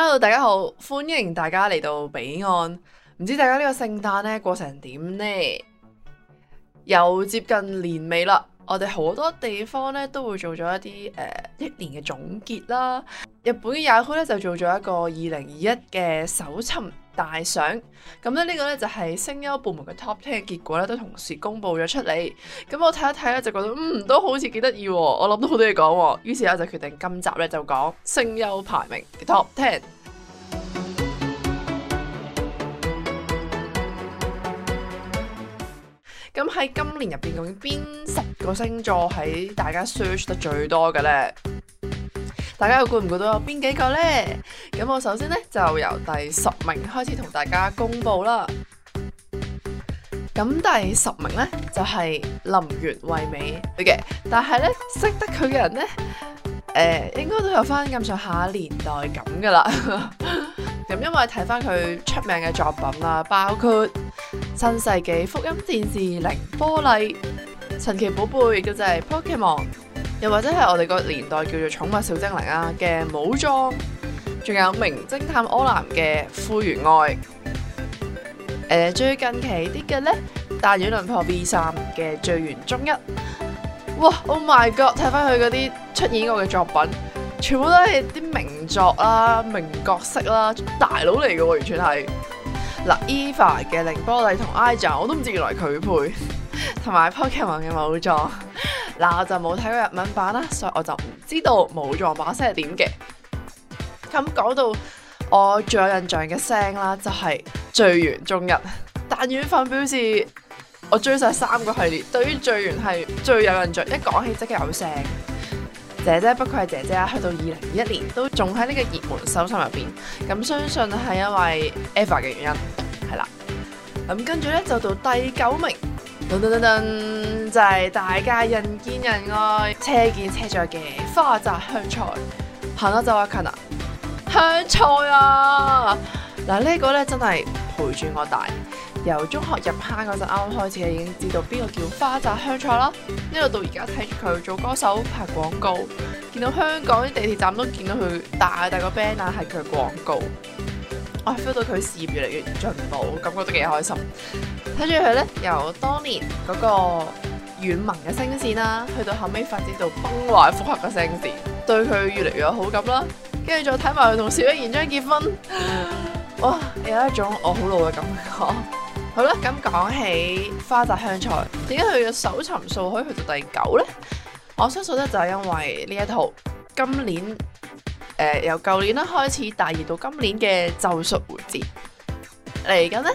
Hello，大家好，歡迎大家嚟到彼岸。唔知大家呢個聖誕咧過成點呢？又接近年尾啦，我哋好多地方咧都會做咗一啲誒、呃、一年嘅總結啦。日本嘅 Yahoo 呢，就做咗一個二零二一嘅搜尋，大賞咁咧，呢個呢就係聲優部門嘅 Top Ten 結果咧，都同時公布咗出嚟。咁我睇一睇咧，就覺得嗯都好似幾得意，我諗到好多嘢講。於是我就決定今集咧就講聲優排名嘅 Top Ten。咁喺 今年入邊，究竟邊十個星座喺大家 search 得最多嘅呢？大家有估唔估到有邊幾個呢？咁我首先呢，就由第十名開始同大家公布啦。咁第十名呢，就係、是、林原惠美佢嘅，但係呢，識得佢嘅人呢，誒、呃、應該都有翻咁上下年代咁噶啦。咁 因為睇翻佢出名嘅作品啦，包括新世紀福音戰士、綾波麗、神奇寶貝，亦都就係 Pokemon。又或者係我哋個年代叫做《寵物小精靈、啊》啊嘅武裝，仲有《名偵探柯南》嘅《灰原哀》呃。誒，最近期啲嘅咧，《彈丸論破 V3》嘅《最原終一》哇。哇！Oh my god！睇翻佢嗰啲出演過嘅作品，全部都係啲名作啦、啊、名角色啦、啊，大佬嚟嘅喎，完全係。嗱、啊、，Eva 嘅《綾波麗》同 Izuna，、ja, 我都唔知原來佢配，同埋 Pokemon 嘅武裝。嗱、啊，我就冇睇過日文版啦，所以我就唔知道冇藏把聲係點嘅。咁講到我最有印象嘅聲啦，就係、是《聚月》中日。但遠粉表示我追晒三個系列，對於《聚月》係最有印象，一講起即刻有聲。姐姐不愧係姐姐啊！去到二零二一年都仲喺呢個熱門搜尋入邊，咁相信係因為 EVA 嘅原因，係啦。咁跟住咧就到第九名。噔噔噔噔，就係、是、大家人見人愛、車見車載嘅花澤香菜，行多就阿近啊，香菜啊，嗱、啊這個、呢個咧真係陪住我大，由中學入坑嗰陣啱啱開始已經知道邊個叫花澤香菜啦，呢度到而家睇住佢做歌手、拍廣告，見到香港啲地鐵站都見到佢大大個 banner 係佢廣告。我 feel、啊、到佢事業越嚟越進步，感覺都幾開心。睇住佢呢，由當年嗰個軟萌嘅聲線啦、啊，去到後尾發展到崩壞復合嘅聲線，對佢越嚟越有好感啦。跟住再睇埋佢同小野賢章結婚，哇，有一種我好老嘅感覺。 好啦，咁講起花澤香菜，點解佢嘅搜尋數可以去到第九呢？我相信呢就係因為呢一套今年。誒、呃，由舊年咧開始，大熱到今年嘅《咒術迴戰》，嚟緊呢？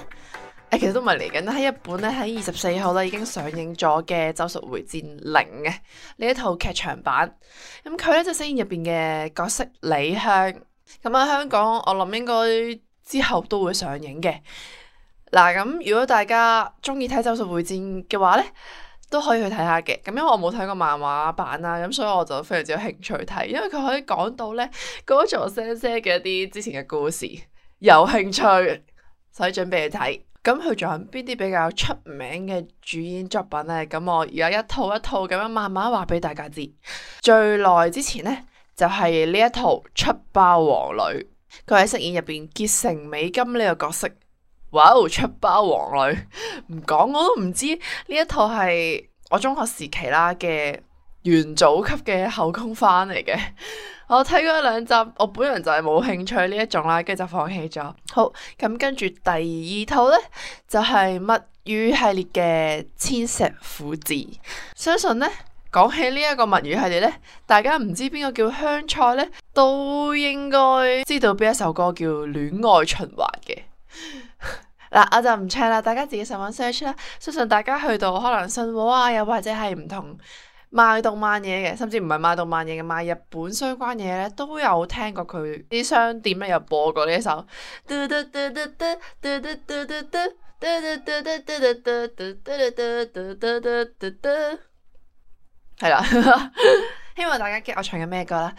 誒，其實都唔係嚟緊。喺日本咧，喺二十四號咧已經上映咗嘅《咒術迴戰零》嘅呢一套劇場版，咁佢咧就飾演入邊嘅角色里香。咁、嗯、喺香港，我諗應該之後都會上映嘅嗱。咁、嗯嗯、如果大家中意睇《咒術迴戰》嘅話呢。都可以去睇下嘅，咁因為我冇睇過漫畫版啦，咁所以我就非常之有興趣睇，因為佢可以講到呢嗰座聲聲嘅一啲之前嘅故事，有興趣，所以準備去睇。咁佢仲有邊啲比較出名嘅主演作品呢？咁我而家一套一套咁樣慢慢話俾大家知。最耐之前呢，就係、是、呢一套《出包王女》，佢喺飾演入邊結城美金呢個角色。哇！Wow, 出包王女唔講 我都唔知呢一套係我中學時期啦嘅元祖級嘅後宮番嚟嘅。 我睇過兩集，我本人就係冇興趣呢一種啦，跟住就放棄咗。好咁，跟住第二套呢，就係、是、物語系列嘅《千石撫子》。相信呢講起呢一個物語系列呢，大家唔知邊個叫香菜呢，都應該知道邊一首歌叫《戀愛循環》嘅。嗱，我就唔唱啦，大家自己上網 search 啦。相信大家去到可能信和啊，又或者係唔同賣動漫嘢嘅，甚至唔係賣動漫嘢嘅，賣日本相關嘢咧，都有聽過佢啲商店咧有播過呢一首。係啦， 希望大家 get 我唱緊咩歌啦。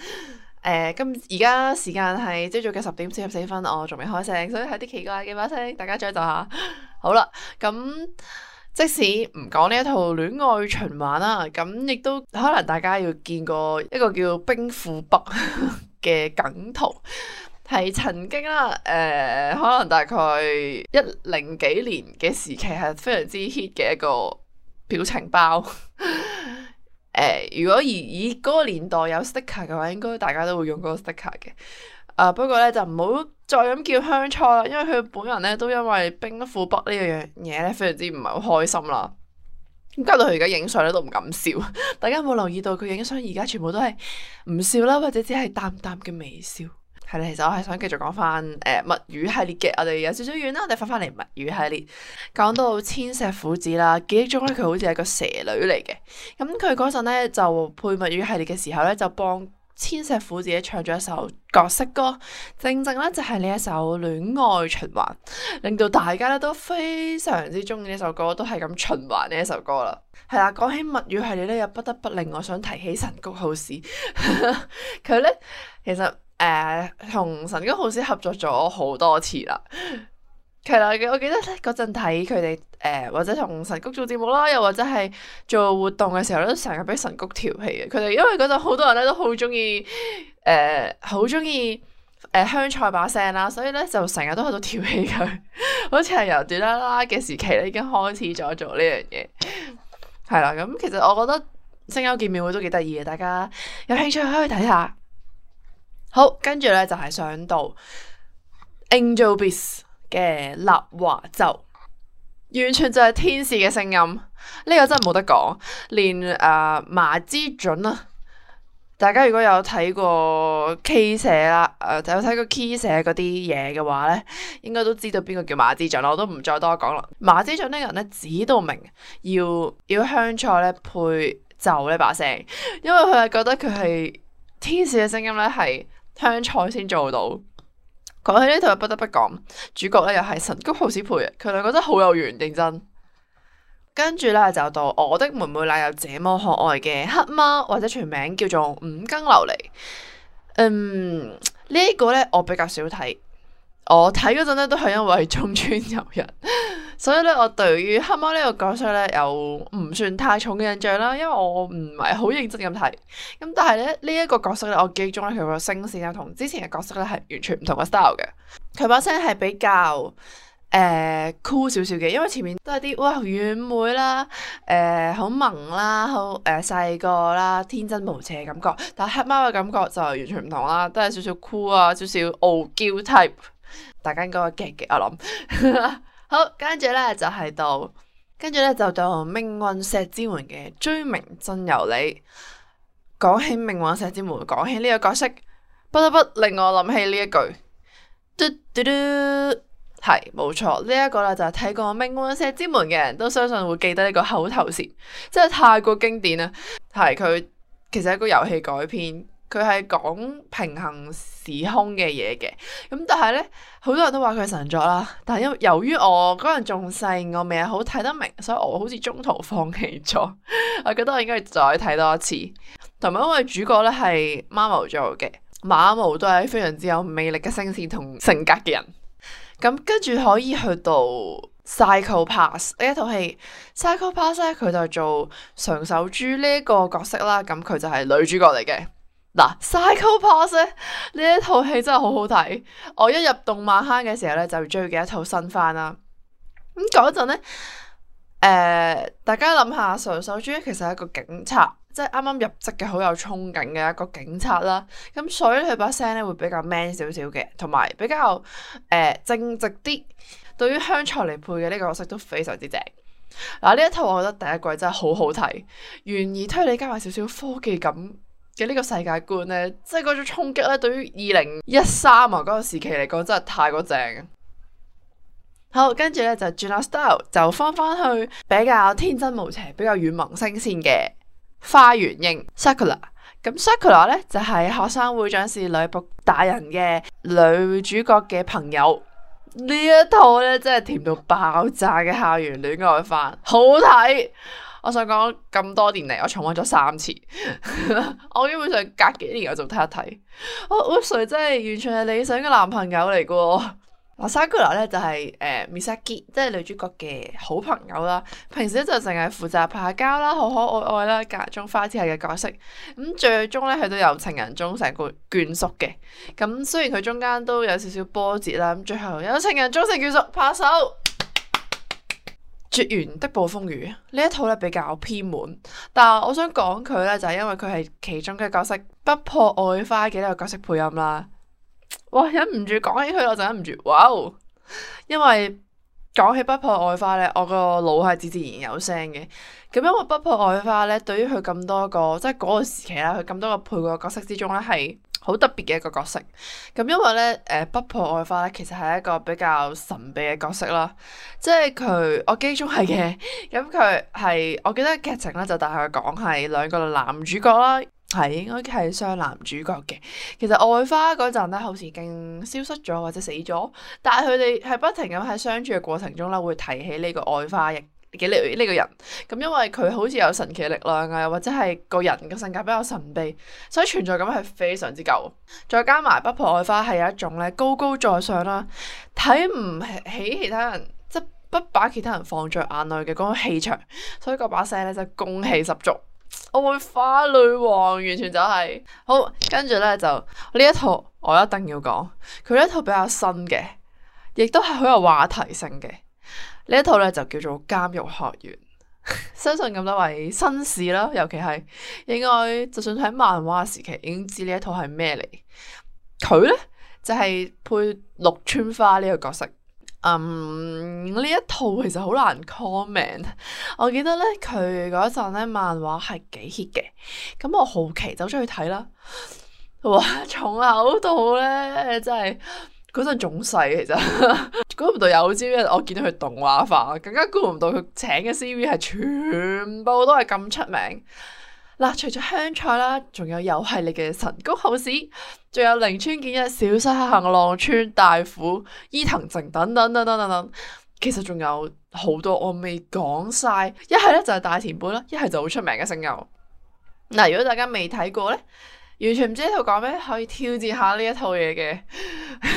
誒、呃，今而家時間係朝早嘅十點四十四分，我仲未開聲，所以有啲奇怪嘅把聲，大家再等下。 好啦，咁、嗯、即使唔講呢一套戀愛循環啦，咁、嗯、亦都可能大家要見過一個叫兵庫北嘅梗圖，係曾經啦，誒、呃，可能大概一零幾年嘅時期係非常之 hit 嘅一個表情包。 誒、呃，如果而以嗰個年代有 sticker 嘅話，應該大家都會用嗰個 sticker 嘅、呃。不過呢，就唔好再咁叫香菜啦，因為佢本人呢都因為冰庫北呢樣嘢呢，非常之唔係好開心啦。咁搞到佢而家影相咧都唔敢笑， 大家有冇留意到佢影相而家全部都係唔笑啦，或者只係淡淡嘅微笑。係啦，其實我係想繼續講翻誒物語系列嘅，我哋有少少遠啦，我哋翻翻嚟物語系列，講到千石虎子啦，記憶中咧佢好似係個蛇女嚟嘅，咁佢嗰陣咧就配物語系列嘅時候咧，就幫千石虎子咧唱咗一首角色歌，正正咧就係呢一首戀愛循環，令到大家咧都非常之中意呢首歌，都係咁循環呢一首歌啦。係啦，講起物語系列咧，又不得不令我想提起神谷浩史，佢 咧其實。誒，同、呃、神谷浩史合作咗好多次啦，係啦，我記得嗰陣睇佢哋，誒、呃，或者同神谷做節目啦，又或者係做活動嘅時候咧，都成日俾神谷調戲嘅。佢哋因為嗰陣好多人咧都好中意，誒、呃，好中意誒香菜把聲啦，所以咧就成日都喺度調戲佢。好似係由短啦啦嘅時期咧已經開始咗做呢樣嘢，係啦。 咁其實我覺得聲優見面會都幾得意嘅，大家有興趣可以去睇下。好，跟住呢就係、是、上到 Angel Beats 嘅立華奏完全就係天使嘅聲音，呢、這個真係冇得講。連誒麻枝准啊。大家如果有睇過 Key 寫啦，誒、呃、有睇過 Key 寫嗰啲嘢嘅話呢應該都知道邊個叫麻枝准啦。我都唔再多講啦。麻枝准呢個人呢，指到明要要香菜呢配奏呢把聲，因為佢係覺得佢係天使嘅聲音呢係。香菜先做到，講起呢套又不得不講，主角呢又係神谷浩史配，佢兩個真係好有緣，認真。跟住呢就到我的妹妹哪有這麼可愛嘅黑貓，或者全名叫做五更琉璃。嗯，呢、這個呢，我比較少睇。我睇嗰陣咧都係因為中村悠一，所以咧我對於黑貓呢個角色咧有唔算太重嘅印象啦。因為我唔係好認真咁睇，咁但係咧呢一個角色咧我記憶中咧佢個聲線啊同之前嘅角色咧係完全唔同嘅 style 嘅。佢把聲係比較誒、呃、cool 少少嘅，因為前面都係啲哇軟妹啦，誒好萌啦，好誒細個啦天真無邪嘅感覺。但係黑貓嘅感覺就完全唔同啦，都係少少 cool 啊，少少傲嬌 type。大家應該記得我諗， 好，跟住呢，就係到，跟住呢，就到命運石之門嘅追名真由里。講起命運石之門，講起呢個角色，不得不令我諗起呢一句，嘟嘟嘟，係冇錯，呢一、這個呢，就係、是、睇過命運石之門嘅人都相信會記得呢個口頭禪，真係太過經典啦、啊。係佢其實係一個遊戲改編。佢係講平衡時空嘅嘢嘅，咁但係呢，好多人都話佢係神作啦。但係因由於我嗰陣仲細，我未係好睇得明，所以我好似中途放棄咗。 我覺得我應該再睇多一次。同埋因為主角咧係馬毛做嘅，馬毛都係非常之有魅力嘅聲線同性格嘅人。咁跟住可以去到《Psycho Pass》呢一套戲，《Psycho Pass》咧佢就係做常守朱呢一個角色啦。咁佢就係女主角嚟嘅。嗱，啊《Psycho Pass》呢一套戲真係好好睇，我一入動漫坑嘅時候咧就追嘅一套新番啦。咁嗰陣咧，誒、呃，大家諗下，常守朱其實係一個警察，即係啱啱入職嘅好有憧憬嘅一個警察啦。咁所以佢把聲咧會比較 man 少少嘅，同埋比較誒、呃、正直啲。對於香菜嚟配嘅呢個角色都非常之正。嗱、啊，呢一套我覺得第一季真係好好睇，懸疑推理加埋少少科技感。嘅呢個世界觀呢，即係嗰種衝擊咧，對於二零一三啊嗰個時期嚟講，真係太過正。好，跟住呢，就轉下 style，就翻翻去比較天真無邪、比較軟萌新鮮嘅花園型 Sakura 咁 Sakura 呢，就係、是、學生會長是女僕大人嘅女主角嘅朋友。呢一套呢，真係甜到爆炸嘅校園戀愛番，好睇。我想講咁多年嚟，我重溫咗三次。 我基本上隔幾年我就睇一睇。我 Usui 真係完全係理想嘅男朋友嚟嘅。嗱，Sakura 咧就係、是、誒、呃、Misaki，即係女主角嘅好朋友啦。平時咧就淨係負責拍下膠啦，可可愛愛啦，間中花痴下嘅角色。咁最終咧佢都有情人終成眷眷屬嘅。咁雖然佢中間都有少少波折啦，咁最後有情人終成眷屬，拍手。《絕緣的暴風雨》呢一套咧比較偏門，但係我想講佢咧就係因為佢係其中嘅角色不破愛花嘅多個角色配音啦，哇，忍唔住講起佢我就忍唔住哇，因為講起不破愛花咧，我個腦係自自然有聲嘅，咁因為不破愛花咧對於佢咁多個即係嗰個時期啦，佢咁多個配角角色之中咧係。好特別嘅一個角色，咁因為咧，誒不破愛花咧，其實係一個比較神秘嘅角色啦，即係佢我記憶中係嘅，咁佢係我記得劇情咧就大概講係兩個男主角啦，係應該係雙男主角嘅，其實愛花嗰陣咧好似已經消失咗或者死咗，但係佢哋係不停咁喺相處嘅過程中咧會提起呢個愛花嘅。呢個人咁，因為佢好似有神奇嘅力量啊，又或者係個人嘅性格比較神秘，所以存在感係非常之夠。再加埋不破愛花係有一種咧高高在上啦，睇唔起其他人，即係不把其他人放在眼內嘅嗰種氣場，所以嗰把聲咧就攻氣十足。愛花女王完全就係、是、好，跟住咧就呢一套我一定要講，佢呢套比較新嘅，亦都係好有話題性嘅。呢一套咧就叫做監獄《監獄學園》，相信咁多位紳士啦，尤其係應該，就算喺漫畫時期已經知呢一套係咩嚟。佢呢，就係、是、配綠川花呢個角色。嗯，呢一套其實好難 comment。我記得呢，佢嗰陣呢，漫畫係幾 hit 嘅，咁我好奇走出去睇啦。哇！重口到呢，真係～嗰陣仲細其實，估 唔到有朝一日，我見到佢動畫化，更加估唔到佢請嘅 C V 係全部都係咁出名。嗱、啊，除咗香菜啦，仲有又係你嘅神谷浩史，仲有鈴村健一、小西克幸、浪川大輔、伊藤靜等等等等等等，其實仲有好多我未講晒。一係咧就係大前輩啦，一係就好出名嘅聲優。嗱、啊，如果大家未睇過呢。完全唔知呢套講咩，可以挑戰下呢一套嘢嘅，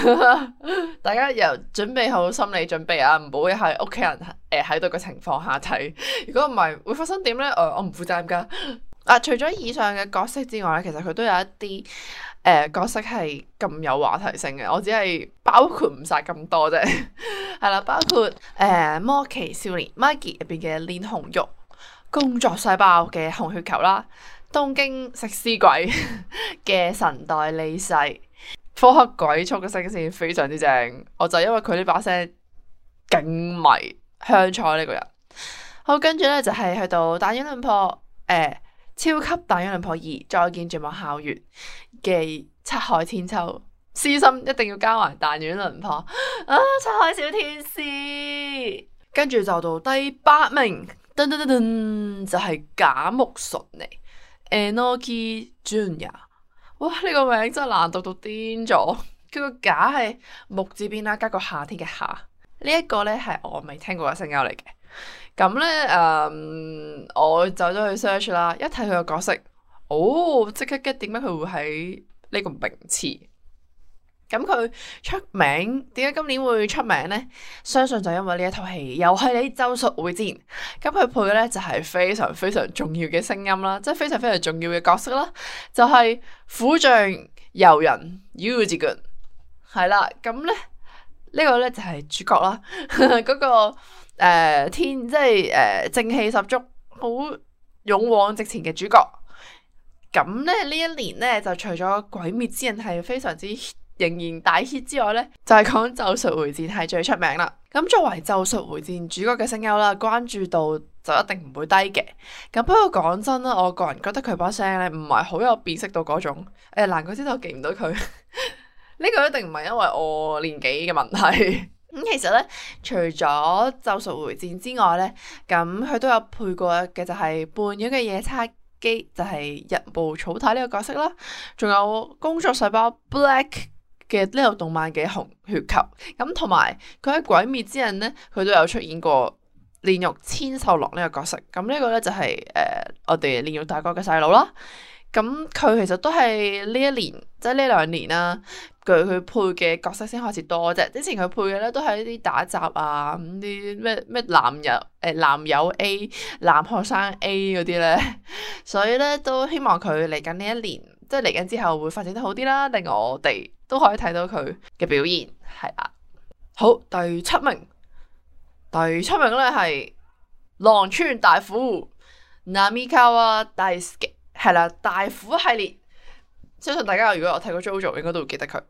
大家又準備好心理準備啊，唔好喺屋企人誒喺度嘅情況下睇，如果唔係會發生點咧、呃，我我唔負責噶。啊，除咗以上嘅角色之外咧，其實佢都有一啲誒、呃、角色係咁有話題性嘅，我只係包括唔晒咁多啫。係 啦、啊，包括誒、呃《魔奇少年》Magi 入邊嘅煉紅肉、工作細胞嘅紅血球啦。東京食屍鬼嘅 神代利世，科克鬼畜嘅聲線非常之正，我就因為佢呢把聲勁迷香菜呢個人。好，跟住咧就係、是、去到彈丸論破，誒、欸，超級彈丸論破二，再見，絕望校園嘅七海千秋，私心一定要加埋《彈丸論破啊，七海小天使。跟住就到第八名，噔噔噔噔，就係、是、賈木純嚟。Enoki Junya，哇呢、呢個名真係難讀到癲咗，佢 個架係木字邊啦，加個夏天嘅夏，呢、這、一個咧係我未聽過嘅聲優嚟嘅，咁咧誒我走咗去 search 啦，一睇佢個角色，哦即刻 get 點解佢會喺呢個名次？咁佢出名，點解今年會出名呢？相信就因為呢一套戲又係咒術迴戰。咁佢配嘅咧就係非常非常重要嘅聲音啦，即、就、係、是、非常非常重要嘅角色啦，就係虎杖悠仁 Uzigan 係啦。咁咧呢、這個咧就係主角啦，嗰、 那個誒、呃、天即係誒、呃、正氣十足、好勇往直前嘅主角。咁咧呢一年咧就除咗《鬼滅之刃》係非常之，仍然大 hit 之外呢，就係講《咒術迴戰》係最出名啦。咁作為《咒術迴戰》主角嘅聲優啦，關注度就一定唔會低嘅。咁不過講真啦，我個人覺得佢把聲呢唔係好有辨識度嗰種。誒、欸，難怪知道我記唔到佢，呢 個一定唔係因為我年紀嘅問題。咁 其實呢，除咗《咒術迴戰》之外呢，咁佢都有配過嘅就係《半妖嘅夜叉姬》，就係日暮草太呢個角色啦。仲有《工作細胞》Black。嘅呢個動漫嘅紅血球咁，同埋佢喺《鬼滅之刃》呢，佢都有出現過煉獄千壽郎呢個角色。咁呢個呢、就係，就係誒我哋煉獄大哥嘅細佬啦。咁佢其實都係呢一年，即係呢兩年啦、啊，佢佢配嘅角色先開始多啫。之前佢配嘅呢，都係一啲打雜啊，咁啲咩咩男人，誒男友 A 男學生 A 嗰啲呢。所以呢，都希望佢嚟緊呢一年。即係嚟緊之後會發展得好啲啦，令我哋都可以睇到佢嘅表現，係啦。好，第七名，第七名咧係浪川大輔，Namikawa Daisuke 係啦，大虎系列，相信大家如果有睇過 Jojo，jo，應該都會記得佢。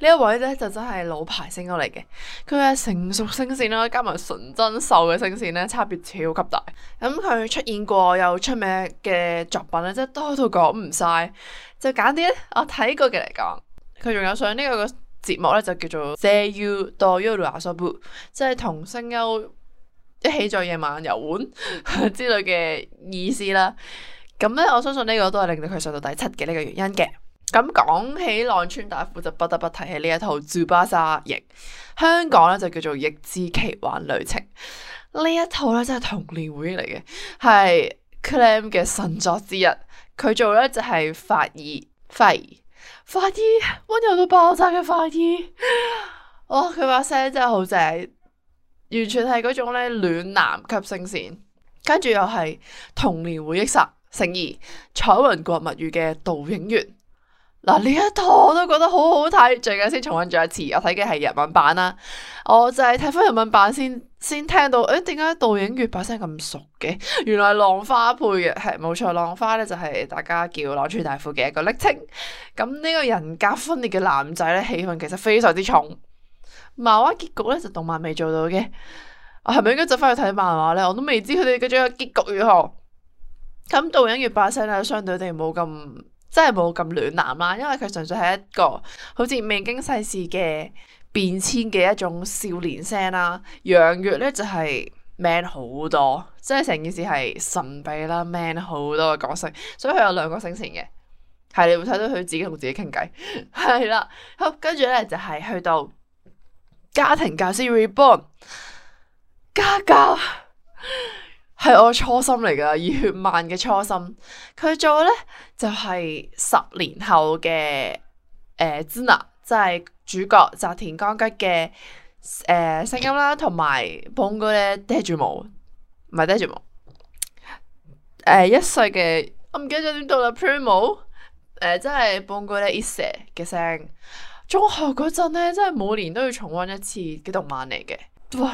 呢一位咧就真係老牌聲優嚟嘅，佢嘅成熟聲線啦，加埋純真秀嘅聲線咧，差別超級大。咁、嗯、佢出現過又出名嘅作品咧，即係多到講唔晒，就揀啲我睇過嘅嚟講。佢仲有上個個節呢個節目咧，就叫做《聲優と夜あそび》即係同聲優一起在夜晚遊玩 之類嘅意思啦。咁、嗯、咧，我相信呢個都係令到佢上到第七嘅呢個原因嘅。咁講起浪川大輔，就不得不提起呢一套《Tsubasa 翼》，香港咧就叫做《翼之奇幻旅程》，呢一套咧真係童年回憶嚟嘅，係 CLAMP 嘅神作之一。佢做咧就係法爾，法爾，法爾，溫柔到爆炸嘅法爾。哇、哦！佢把聲真係好正，完全係嗰種咧暖男級聲線。跟住又係童年回憶殺，聲演《彩雲國物語》嘅杜影月。嗱呢一套我都覺得好好睇，最近先重溫咗一次。我睇嘅係日文版啦，我就係睇翻日文版先先聽到，誒、欸，點解導演月把聲咁熟嘅？原來浪花配嘅係冇錯，浪花呢就係大家叫浪川大輔嘅一個昵稱。咁呢個人格分裂嘅男仔呢，氣氛其實非常之重。漫畫結局呢，就動漫未做到嘅。我係咪應該就翻去睇漫畫呢？我都未知佢哋嘅最終結局如何。咁導演月把聲呢，相對地冇咁。真係冇咁暖男啦，因為佢純粹係一個好似未經世事嘅變遷嘅一種少年聲啦、啊。楊月呢就係、是、man 好多，即係成件事係神秘啦，man 好多嘅角色，所以佢有兩個聲線嘅，係你會睇到佢自己同自己傾偈，係 啦，跟住呢就係、是、去到家庭教師 reborn 家教。 係我初心嚟噶，熱血漫嘅初心。佢做咧就係、是、十年後嘅誒 Tsuna，即係主角澤田綱吉嘅誒聲音啦，同埋 Vongola 咧 Decimo，唔係 Decimo。誒一歲嘅我唔記得咗點讀啦，Primo。誒即係 Vongola 咧 s a 嘅聲。中學嗰陣咧，即係每年都要重溫一次嘅動漫嚟嘅。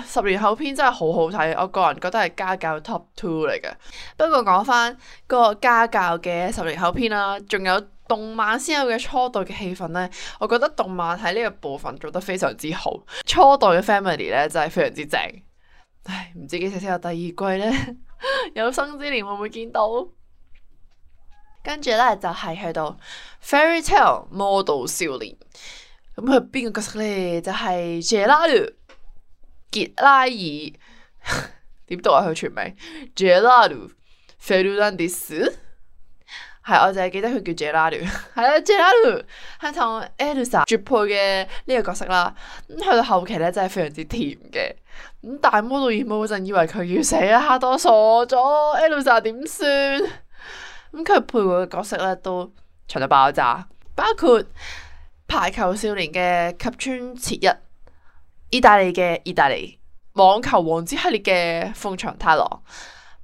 十年後篇真係好好睇，我個人覺得係家教 top two 嚟嘅。不過講翻個家教嘅十年後篇啦，啊，仲有動漫先有嘅初代嘅戲份呢。我覺得動漫喺呢個部分做得非常之好。初代嘅 family 呢真係，就是，非常之正。唉，唔知幾時先有第二季呢？ 有生之年會唔會見到？跟住呢就係，是，去到 Fairytale 魔導少年，咁佢邊個角色呢？就係傑拉傑拉爾點 讀啊，佢全名 Jelalu Fernandes 係，我淨係記得佢叫 Jelalu，係啦 Jelalu 係同 Elsa 絕配嘅呢個角色啦。咁去到後期咧真係非常之甜嘅。咁大魔導演舞嗰陣以為佢要死啦，嚇到傻咗 Elsa 點算？咁佢 配嘅角色咧都長到爆炸，包括排球少年嘅及川徹一。意大利嘅意大利網球王子系列嘅鳳長太郎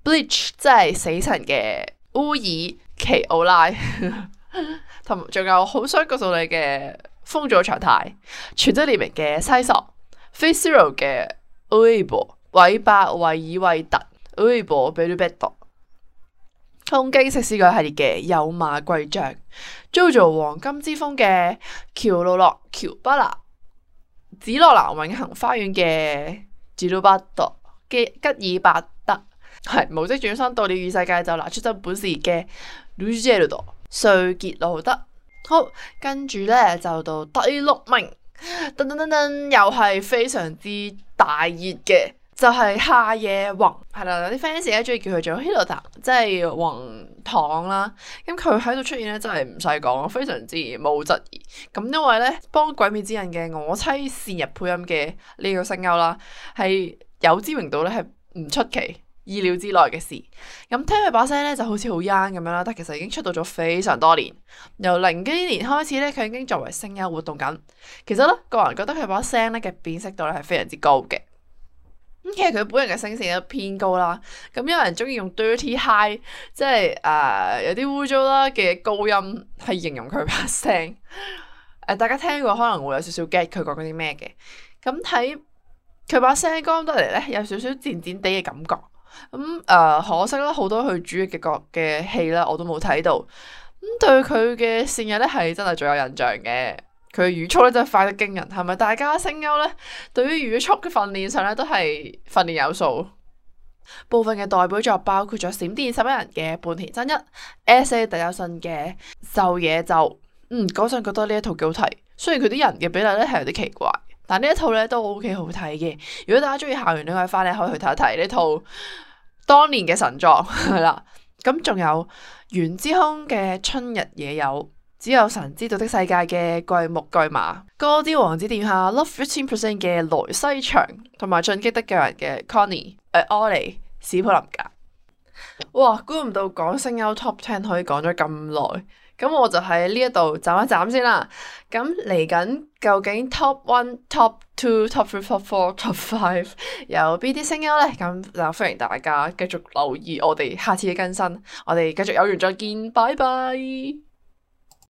，Bleach 即係死神嘅烏爾奇奧拉，同仲有好想告訴你嘅風早翔太，全職獵人嘅西索，Fate Zero 嘅 Oybo，韋伯維爾維特，o b o 比魯貝多，東京食屍鬼系列嘅有馬貴將，JoJo 黃金之風嘅喬魯諾喬巴納。紫羅蘭永恒花園嘅吉魯巴德嘅吉爾伯特，係無職轉生到了異世界就拿出咗本事嘅露西耶魯朵瑞傑路德，好，跟住咧就到第六名，噔噔噔噔，又係非常之大熱嘅。就係下野紘，係啦，有啲 fans 咧中意叫佢做 Hiloda，即係宏糖啦。咁佢喺度出現咧，真係唔使講，非常之冇質疑。咁因為咧，幫《鬼滅之刃》嘅我妻善逸配音嘅呢個聲優啦，係有知名度咧，係唔出奇、意料之內嘅事。咁聽佢把聲咧，就好似好 young 咁樣啦，但其實已經出道咗非常多年。由零幾年開始咧，佢已經作為聲優活動緊。其實咧，個人覺得佢把聲咧嘅辨識度咧係非常之高嘅。咁其實佢本人嘅聲線都偏高啦，咁有人中意用 dirty high，即係誒、呃、有啲污糟啦嘅高音，去形容佢把聲。誒、呃、大家聽過可能會有少少 get 佢講緊啲咩嘅，咁睇佢把聲光得嚟咧有少少尖尖哋嘅感覺。咁、嗯、誒、呃、可惜啦，好多佢主要嘅角嘅戲啦我都冇睇到。咁、嗯、對佢嘅善逸咧係真係最有印象嘅。佢嘅語速咧真係快得驚人，係咪？大家聲優咧，對於語速嘅訓練上咧都係訓練有數。部分嘅代表作包括咗《閃電十一人》嘅半田真一、S.A. 特優生嘅《狩野宙》，嗯，嗰陣覺得呢一套幾好睇，雖然佢啲人嘅比例咧係有啲奇怪，但呢一套咧都 O.K. 好睇嘅。如果大家中意校園戀愛番咧，你可以去睇一睇呢套當年嘅神作係啦。咁 仲有緣之空嘅《春日野悠》。只有神知道的世界嘅巨木巨馬，歌之王子殿下 Love 15%嘅萊西長，同埋進擊的巨人嘅 Connie Ollie、欸、史普林格。哇，估唔到講聲優 Top Ten 可以講咗咁耐，咁我就喺呢一度斬一斬先啦。咁嚟緊究竟 Top One、Top Two、Top Three、Top Four、Top Five 有邊啲聲優呢？咁就歡迎大家繼續留意我哋下次嘅更新，我哋繼續有緣再見，拜拜。